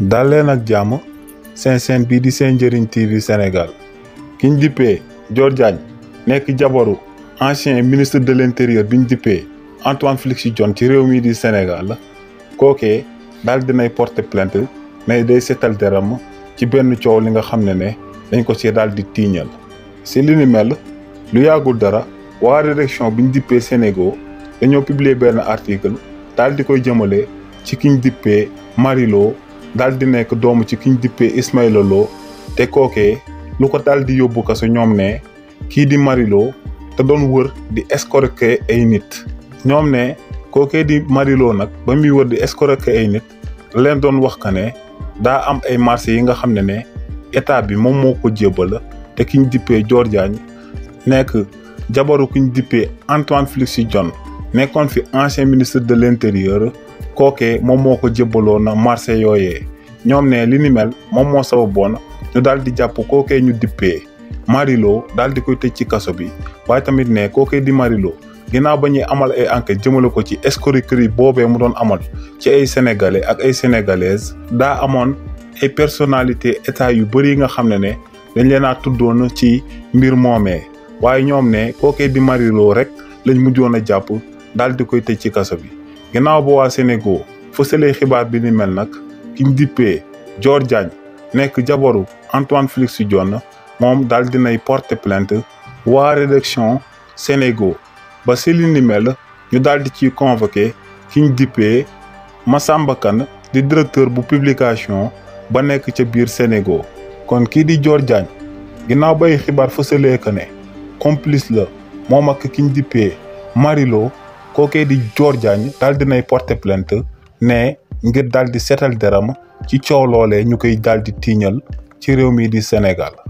dal leen ak jàmm sen seen bii di seen njëriñ TV Sénégal kiñ dippee Dior Diagne nekk jabaru ancien ministre de l'intérieur ñu dippee Antoine Félix Diome ci réew mii di Sénégal kookee daal dinay porter plainte mais day setal deram ci benn coow li nga xam ne ne dañ ko ci daal di tiiñal si li ni mel lu yàggul dara waa bi ñu dippee Sénégal dañoo publier benn article daal di koy jëmale ci kiñ dippee marilo daal di nekk doomu ci kiñ dippee Ismaïla Lo te kookee lu ko daal di yóbbu kaso ñoom ne kii di mariloo te doon wër di escroquer ay nit ñoom ne kookee di mariloo nag ba muy wër di escroquer ay nit leen doon wax ka ne daa am ay marché yi nga xam ne ne état bi moom moo ko jébbal te kiñ dippee Dior Diagne nekk jabaru kiñ dippee Antoine Félix Diome nekkoon fi ancien ministre de l'intérieur kookee moom moo ko jébbaloon na marché yooyee ñoom ne li ni mel moom moo sababoon ñu daal di jàpp kookee ñu dippee Marilo daal di koy tëj ci kaso bi waaye tamit ne kookee di Marilo ginnaaw ba ñuy amal ay enquête jëmale ko ci escroquerie boobee mu doon amal ci ay sénégalais ak ay sénégalaises daa amoon ay personnalité état yu bëri yi nga xam ne ne dañ leen a tuddoon ci mbir moomee waaye ñoom ne kookee di Marilo rek lañ mujjoon a jàpp daal di koy tëj ci kaso bi ginnaaw ba waa Sénégal fësalee xibaar bi ni mel nag kiñ dippee joor Diagne nekk jaboru Antoine Félix Diome moom daldi dinay porter plainte waa rédaction Sénégal ba si li ni mel ñu daal di ciy convoqué kiñ dippee Massamba di directeur bu publication ba nekk ca biir Sénégal kon kii di Dior Diagne ginnaaw bay xibaar fësalee que ne complice la moom ak kiñ dippee Marilo kookee di Dior Diagne daal dinay plainte ne ngir daal di seetal deram ci coow loole ñu koy daal di tiiñal ci réew mi di Sénégal